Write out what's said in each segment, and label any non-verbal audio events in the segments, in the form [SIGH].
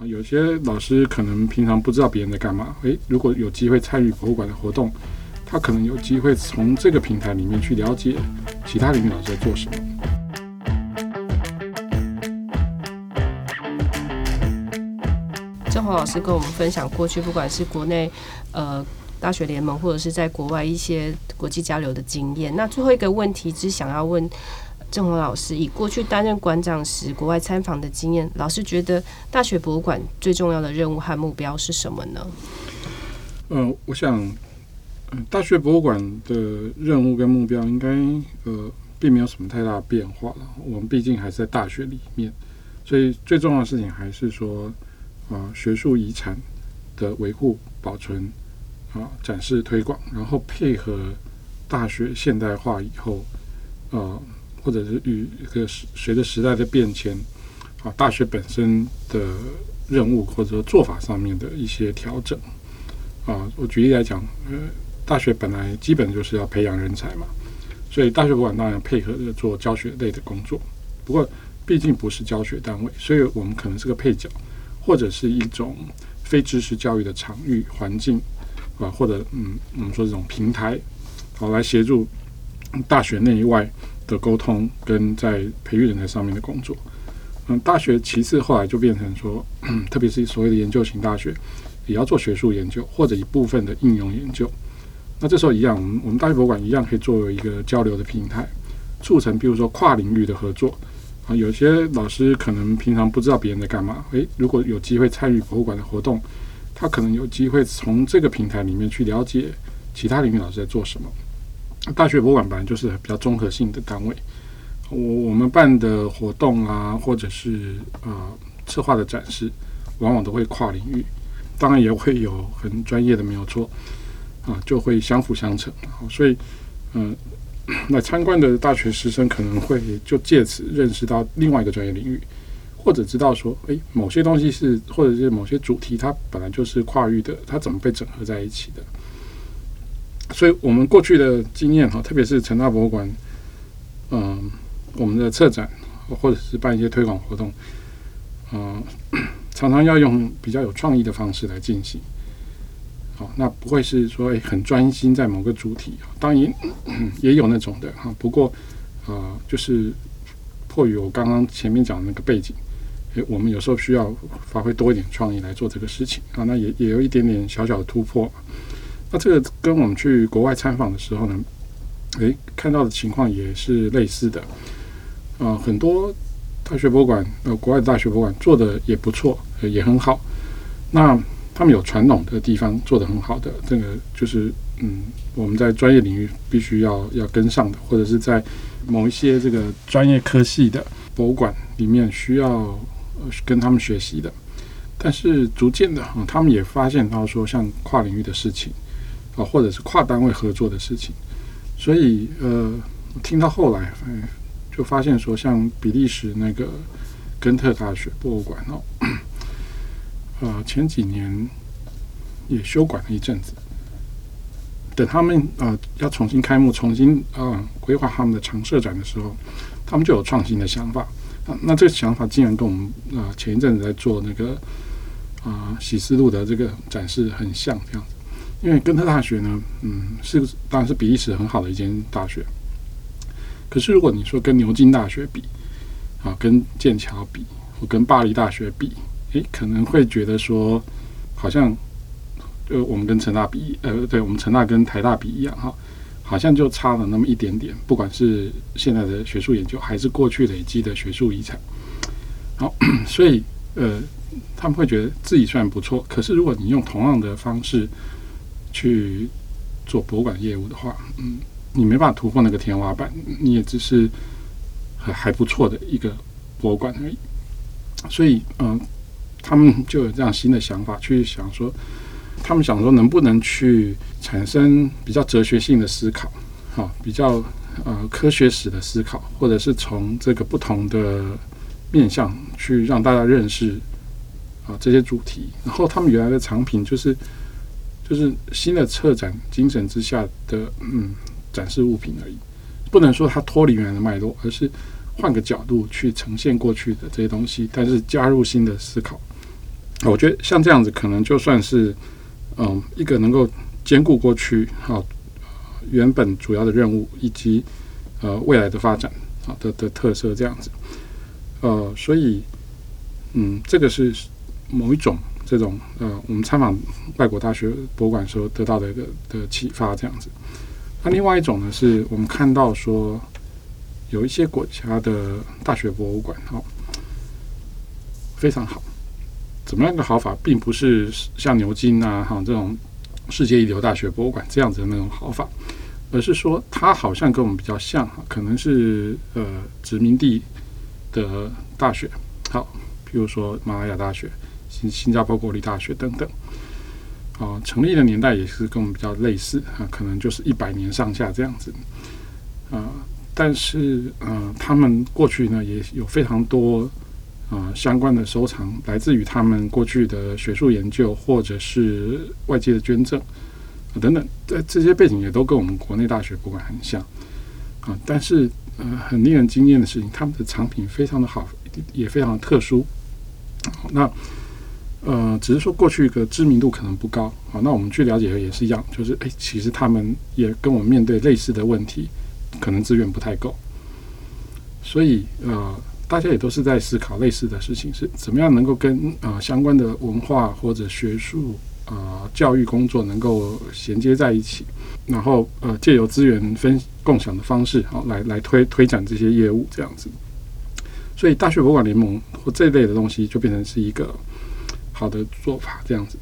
啊、有些老師可能平常不知道別人在幹嘛，欸，如果有機會參與博物館的活動，他可能有機會從這個平台裡面去了解其他領域老師在做什麼。政宏老師跟我們分享過去不管是國內、呃、大學聯盟，或者是在國外一些國際交流的經驗。那最後一個問題是想要問。政宏老師以過去擔任館長時國外參訪的經驗，老師覺得大學博物館最重要的任務和目標是什麼呢？呃，我想，呃、大學博物館的任務跟目標應該呃並沒有什麼太大變化了。我們畢竟還是在大學裡面，所以最重要的事情還是說啊、呃，學術遺產的維護、保存、啊、呃、展示、推廣，然後配合大學現代化以後，啊、呃。或者是與一個隨着時代的變遷，啊，大學本身的任務或者說做法上面的一些調整，啊，我舉例來講，呃，大學本來基本就是要培養人才嘛，所以大學館當然配合着做教學類的工作，不過畢竟不是教學單位，所以我們可能是個配角，或者是一種非知識教育的場域環境啊，或者嗯，我們說這種平台，啊，好來協助大學內外。的溝通跟在培育人才上面的工作，嗯，大學其次後來就變成說，特別是所謂的研究型大學，也要做學術研究或者一部分的應用研究。那這時候一樣，我們我們大學博物館一樣可以作為一個交流的平台，促成比如說跨領域的合作啊。有些老師可能平常不知道別人在幹嘛，誒、欸，如果有機會參與博物館的活動，他可能有機會從這個平台裡面去了解其他領域老師在做什麼。大學博物館本來就是比較綜合性的單位，我我們辦的活動啊，或者是啊、呃、策劃的展示，往往都會跨領域，當然也會有很專業的，沒有錯，啊，就會相輔相成。所以，嗯、呃，那參觀的大學師生可能會就借此認識到另外一個專業領域，或者知道說，誒、欸、某些東西是，或者是某些主題，它本來就是跨域的，它怎麼被整合在一起的？所以我們過去的經驗哈，特別是成大博物館，嗯、呃，我們的策展或者是辦一些推廣活動，啊、呃，常常要用比較有創意的方式來進行。好、哦，那不會是說、欸，很專心在某個主題，當然也，也有那種的哈、啊。不過啊、呃，就是迫於我剛剛前面講的那個背景、欸，我們有時候需要發揮多一點創意來做這個事情啊。那也也有一點點小小的突破。那、啊、這個跟我們去國外參訪的時候呢，誒，看到的情況也是類似的。啊、呃，很多大學博物館，呃，國外的大學博物館做的也不錯、呃，也很好。那他們有傳統的地方做得很好的，這個就是嗯，我們在專業領域必須要要跟上的，或者是在某一些這個專業科系的博物館裡面需要跟他們學習的。但是逐漸的，呃、他們也發現到說，像跨領域的事情。啊，或者是跨單位合作的事情，所以呃，聽到後來，哎、就發現說，像比利時那個根特大學博物館哦，呃，前幾年也休館了一陣子，等他們啊、呃、要重新開幕、重新啊規劃他們的常設展的時候，他們就有創新的想法、啊。那這個想法竟然跟我們啊、呃、前一陣子在做那個啊喜思路的這個展示很像這樣子。因為根特大學呢，嗯，是當然是比利時很好的一間大學。可是如果你說跟牛津大學比，啊，跟劍橋比，或跟巴黎大學比，誒，可能會覺得說，好像，呃，我們跟成大比，呃，對，我們成大跟台大比一樣哈、啊，好像就差了那麼一點點。不管是現在的學術研究，還是過去累積的學術遺產，好、啊， [COUGHS] 所以呃，他們會覺得自己雖然不錯，可是如果你用同樣的方式，去做博物館業務的話，嗯，你沒辦法突破那個天花板，你也只是還還不錯的一個博物館而已。所以，嗯、呃，他們就有這樣新的想法，去想說，他們想說能不能去產生比較哲學性的思考，好、啊，比較呃科學史的思考，或者是從這個不同的面向去讓大家認識啊這些主題。然後，他們原來的藏品就是。就是新的策展精神之下的，嗯，展示物品而已，不能說它脫離原來的脈絡，而是換個角度去呈現過去的這些東西，但是加入新的思考。我覺得像這樣子，可能就算是，嗯，一個能夠兼顧過去啊原本主要的任務，以及呃未來的發展啊的的特色這樣子，呃，所以，嗯，這個是某一種。這種呃，我們參訪外國大學博物館的時候得到的一個的啟發，這樣子。那、啊、另外一種呢，是我們看到說有一些國家的大學博物館哦，非常好。怎麼樣的好法，並不是像牛津啊、哈、啊、這種世界一流大學博物館這樣子的那種好法，而是說它好像跟我們比較像哈，可能是呃殖民地的大學，好、啊，比如說馬來亞大學。新新加坡國立大學等等，啊、呃，成立的年代也是跟我們比較類似啊、呃，可能就是一百年上下這樣子，啊、呃，但是啊、呃，他們過去呢也有非常多啊、呃、相關的收藏，來自於他們過去的學術研究或者是外界的捐贈、呃、等等，在、呃、這些背景也都跟我們國內大學博物館很像啊、呃，但是呃，很令人驚艷的事情，他們的藏品非常的好，也非常的特殊，呃、那。呃，只是說過去一個知名度可能不高。好，那我們去了解的也是一樣，就是誒，其實他們也跟我們面對類似的問題，可能資源不太夠，所以呃，大家也都是在思考類似的事情，是怎麼樣能夠跟呃相關的文化或者學術啊、呃、教育工作能夠銜接在一起，然後呃借由資源分共享的方式好、哦、來來推推展這些業務這樣子。所以大學博物館聯盟或這一類的東西就變成是一個。好的做法，這樣子。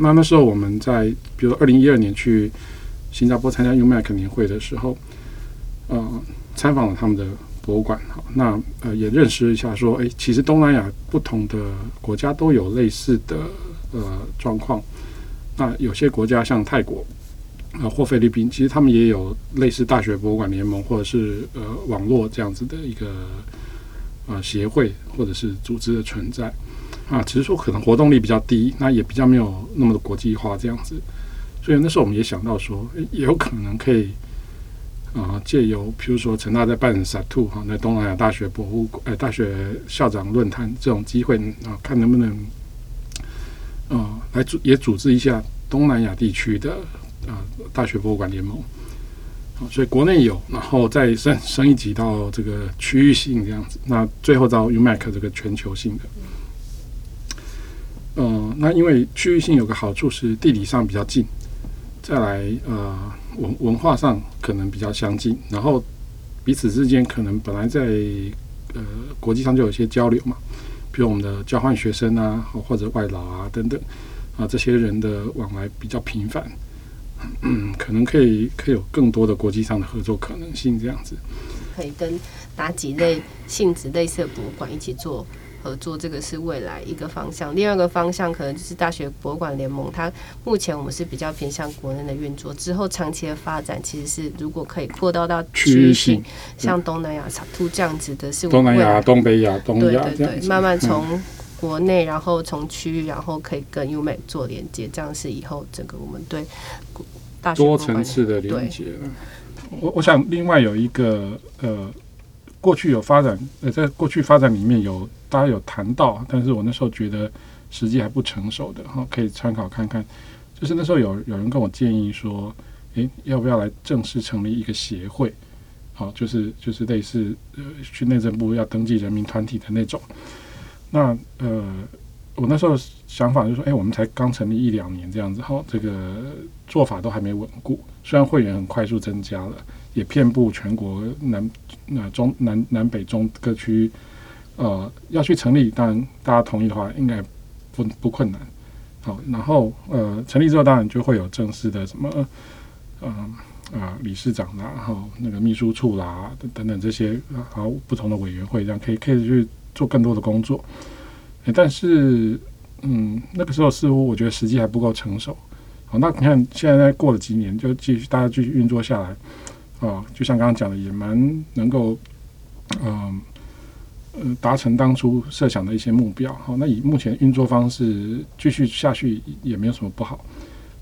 那那時候我們在，比如二零一二年去新加坡參加 U-MAC 年會的時候，呃，參訪了他們的博物館，哈，那呃也認識一下，說，誒，其實東南亞不同的國家都有類似的呃狀況。那有些國家像泰國，呃，或菲律賓，其實他們也有類似大學博物館聯盟或者是呃網絡這樣子的一個啊協會或者是組織的存在。啊，只是說可能活動力比較低，那也比較沒有那麼的國際化這樣子，所以那時候我們也想到說，也有可能可以啊，借由譬如說成大在辦 SATU 哈，那東南亞大學博物館誒、哎，大學校長論壇這種機會啊，看能不能啊來組也組織一下東南亞地區的啊大學博物館聯盟、啊。所以國內有，然後再升升一級到這個區域性這樣子，那最後到 UMAC 這個全球性的。呃，那因為區域性有個好處是地理上比較近，再來呃文文化上可能比較相近，然後彼此之間可能本來在呃國際上就有一些交流嘛，比如我們的交換學生啊，或者外勞啊等等啊、呃、這些人的往來比較頻繁，嗯，可能可以可以有更多的國際上的合作可能性這樣子，可以跟哪幾類性質類似的博物館一起做？合作這個是未來一個方向，第二個方向可能就是大學博物館聯盟。它目前我們是比較偏向國內的運作，之後長期的發展其實是如果可以擴大到區域性，域性像東南亞、像對這樣子的是。東南亞、東北亞、東亞，對對對，樣慢慢從國內，然後從區域，然後可以跟 UMAC 做連接，嗯、這樣是以後整個我們對大學多層次的連接。對對我我想另外有一個呃。過去有發展，呃，在過去發展裡面有大家有談到，但是我那時候覺得時機還不成熟的，哈，可以參考看看。就是那時候有有人跟我建議說，誒，要不要來正式成立一個協會？好，就是就是類似呃去內政部要登記人民團體的那種。那呃，我那時候想法就是說，誒，我們才剛成立一兩年這樣子，哈，這個做法都還沒穩固，雖然會員很快速增加了。也遍布全國南、那中南南北中各區，呃，要去成立，當然大家同意的話應，應該不不困難。好，然後呃，成立之後，當然就會有正式的什麼，呃啊、呃，理事長啦，然後那個秘書處啦等等這些，然後不同的委員會這樣可以可以去做更多的工作、欸。但是，嗯，那個時候似乎我覺得時機還不夠成熟。好，那你看現在，在過了幾年，就繼續大家繼續運作下來。啊、哦，就像剛剛講的，也蠻能夠，嗯、呃，呃，達成當初設想的一些目標。好、哦，那以目前運作方式繼續下去也沒有什麼不好。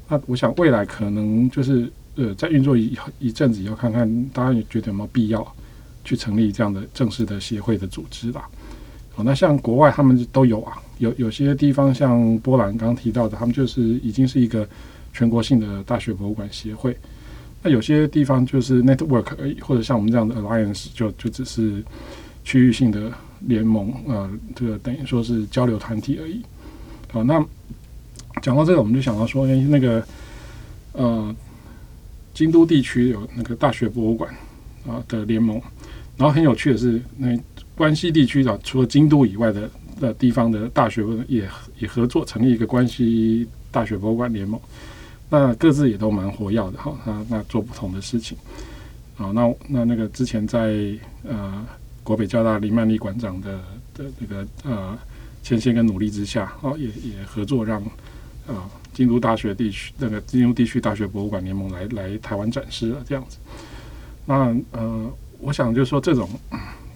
那我想未來可能就是呃，在運作一一陣子以後，看看大家也覺得有沒有必要去成立這樣的正式的協會的組織吧。好、哦，那像國外他們都有啊，有有些地方像波蘭剛剛提到的，他們就是已經是一個全國性的大學博物館協會。那有些地方就是 network 而已，或者像我們這樣的 alliance 就就只是區域性的聯盟，呃，這個等於說是交流團體而已。好、啊，那講到這個，我們就想到說，哎，那個呃，京都地區有那個大學博物館啊的聯盟，然後很有趣的是，那關西地區的、啊、除了京都以外的的地方的大學也也合作成立一個關西大學博物館聯盟。那各自也都蠻活躍的，好，那那做不同的事情，好，那那那個之前在呃國北教大林曼麗館長的的那個呃牽線跟努力之下，哦也也合作讓啊京都大學地區那個京都地區大學博物館聯盟來來台灣展示了這樣子。那呃，我想就是說這種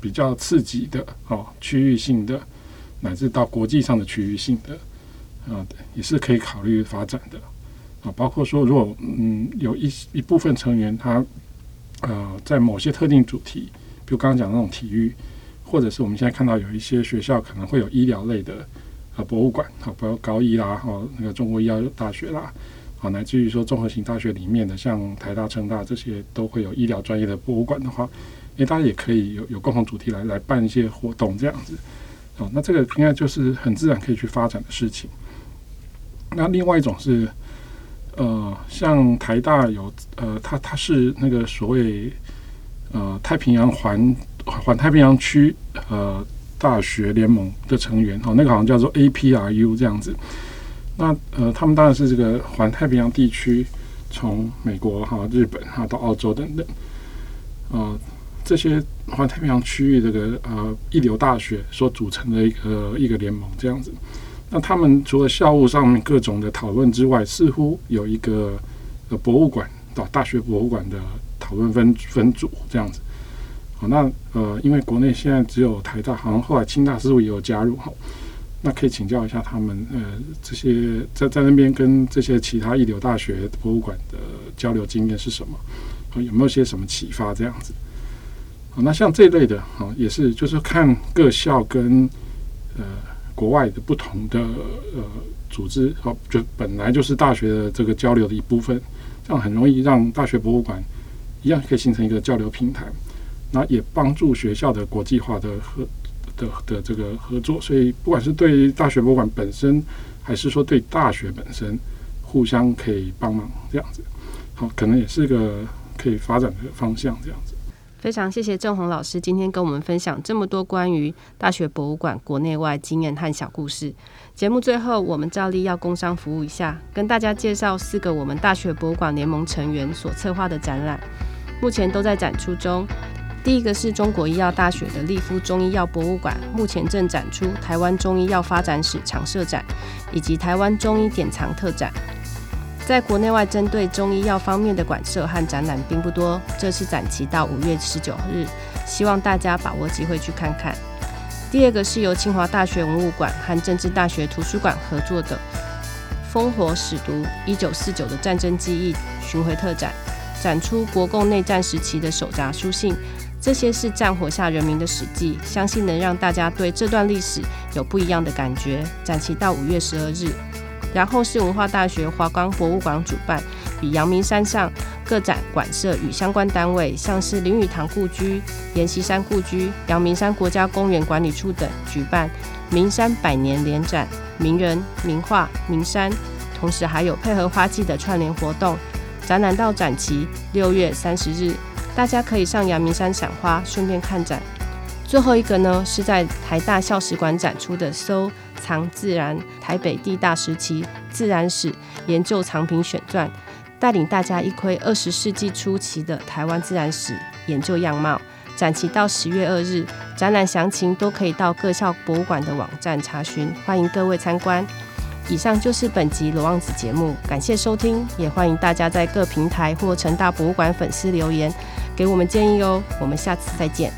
比較刺激的，哦，區域性的乃至到國際上的區域性的，啊，也是可以考慮發展的。啊，包括說，如果嗯有一一部分成員他啊，在某些特定主題，比如剛剛講的那種體育，或者是我們現在看到有一些學校可能會有醫療類的啊博物館啊，包括高醫啦，哦，那個中國醫藥大學啦，啊，乃至於說綜合型大學裡面的，像台大、成大這些都會有醫療專業的博物館的話，因、哎、大家也可以有有共同主題來來辦一些活動這樣子，啊，那這個應該就是很自然可以去發展的事情。那另外一種是。呃，像台大有呃，他他是那個所謂呃太平洋環環太平洋區呃大學聯盟的成員，哈、哦，那個好像叫做 APRU 這樣子。那呃，他們當然是這個環太平洋地區，從美國哈、啊、日本哈、啊、到澳洲等等，呃，這些環太平洋區域這個呃一流大學所組成的一個、呃、一個聯盟這樣子。那他們除了校務上面各種的討論之外，似乎有一個博物館，到大學博物館的討論分分組這樣子。好，那呃，因為國內現在只有台大，好像後來清大似乎也有加入哈。那可以請教一下他們，呃，這些在在那邊跟這些其他一流大學博物館的交流經驗是什麼？呃，有沒有些什麼啟發這樣子？好，那像這一類的，好，也是就是看各校跟呃。國外的不同的呃組織，好，就本來就是大學的這個交流的一部分，這樣很容易讓大學博物館一樣可以形成一個交流平台，那也幫助學校的國際化的合的的，的這個合作，所以不管是對大學博物館本身，還是說對大學本身，互相可以幫忙這樣子，好，可能也是個可以發展的方向這樣子。非常謝謝政宏老師今天跟我們分享這麼多關於大學博物館國內外經驗和小故事。節目最後，我們照例要工商服務一下，跟大家介紹四個我們大學博物館聯盟成員所策劃的展覽，目前都在展出中。第一個是中國醫藥大學的立夫中醫藥博物館，目前正展出台灣中醫藥發展史常設展以及台灣中醫典藏特展。在國內外針對中醫藥方面的館舍和展覽並不多，這次展期到五月十九日，希望大家把握機會去看看。第二個是由清華大學文物館和政治大學圖書館合作的《烽火史讀：一九四九的戰爭記憶巡迴特展》，展出國共內戰時期的手札書信，這些是戰火下人民的史記，相信能讓大家對這段歷史有不一樣的感覺。展期到五月十二日。然後是文化大學華岡博物館主辦，與陽明山上各展館舍與相關單位，像是林語堂故居、閻錫山故居、陽明山國家公園管理處等舉辦“名山百年聯展”，名人、名畫、名山，同時還有配合花季的串聯活動。展覽到展期六月三十日，大家可以上陽明山賞花，順便看展。最後一個呢，是在台大校史館展出的 so,《收藏自然台北帝大時期自然史研究藏品選傳》，帶領大家一窺二十世紀初期的台灣自然史研究樣貌。展期到十月二日，展覽詳情都可以到各校博物館的網站查詢，歡迎各位參觀。以上就是本集羅望子節目，感謝收聽，也歡迎大家在各平台或成大博物館粉絲留言，給我們建議哦。我們下次再見。